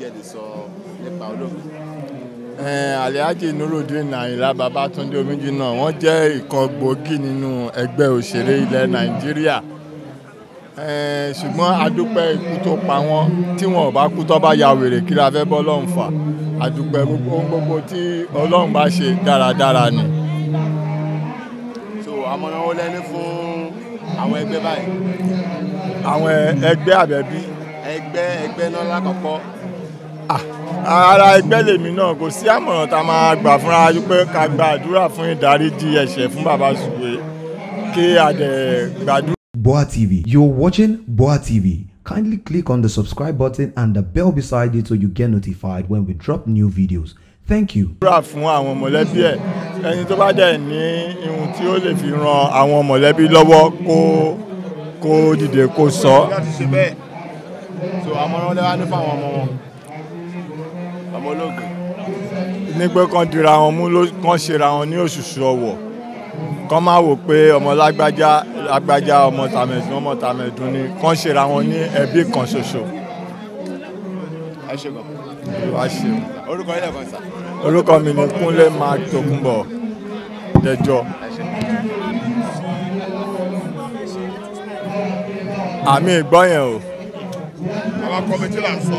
Gẹ̀dẹ̀ sọ nípa olóògbé. Alhaji Nurudeen Ayinla Babatunde Omijina wọ́n jẹ́ ìkan gbòógì nínú ẹgbẹ́ òṣèré ilẹ̀ Nàìjíríà ṣùgbọ́n adúpẹ́ ikú tó pa wọ́n tí wọn ò bá kú tó bá ya wèrè kí la fẹ́ bọ́ lọ́hùn fà adúpẹ́ gbogbo gbogbo tí Ọlọ́run bá ṣe dáradára ni. so àmọ̀ràn wo lẹ́ni fún àwọn ẹgbẹ́ báyìí. àwọn ẹgbẹ́ àbẹ̀bí. ẹgbẹ́ ẹgbẹ́ náà lákọ̀ọ́kọ́ ara ẹgbẹ́ lèmi náà kò sí àmọ̀ràn tá a máa gbà fúnra pé ká gba àdúrà fún ìdáríjì ẹ̀ṣẹ̀ fún bàbá Sùwé kí a gbàdúrà. BOA TV you're watching BOA TV kindly click on the subscribe button and the bell beside it so you get notified when we drop new videos thank you. àdúrà fún àwọn mọ̀lẹ́bí ẹ̀ ẹni tó bá dẹ̀ ní ihun tí ó lè fi ran àwọn mọ̀lẹ́bí lọ́wọ́ kó kó dìde kó sọ. láti bẹ́ẹ̀ so àmọ̀ràn lẹ́wà ní fáwọn ọmọ wọn ọmọ olóògbé. ní pé kán dira wọn mú kán ṣera wọn ní òṣùṣù ọwọ̀ kán má wò pé ọmọ lágbájá lágbájá ọmọ tàmẹ̀dún ọmọ tàmẹ̀dún ni kán ṣera wọn ní ẹbí kan ṣoṣo. ẹ ṣe kàn. wá ṣe. orúkọ ilé kan sà. orúkọ mi ni Kúnlé Mark Tòkunbọ̀ dẹjọ́. àmì ìgbọ́ yẹn o. àwọn kọ́mẹ́tì là ń sọ.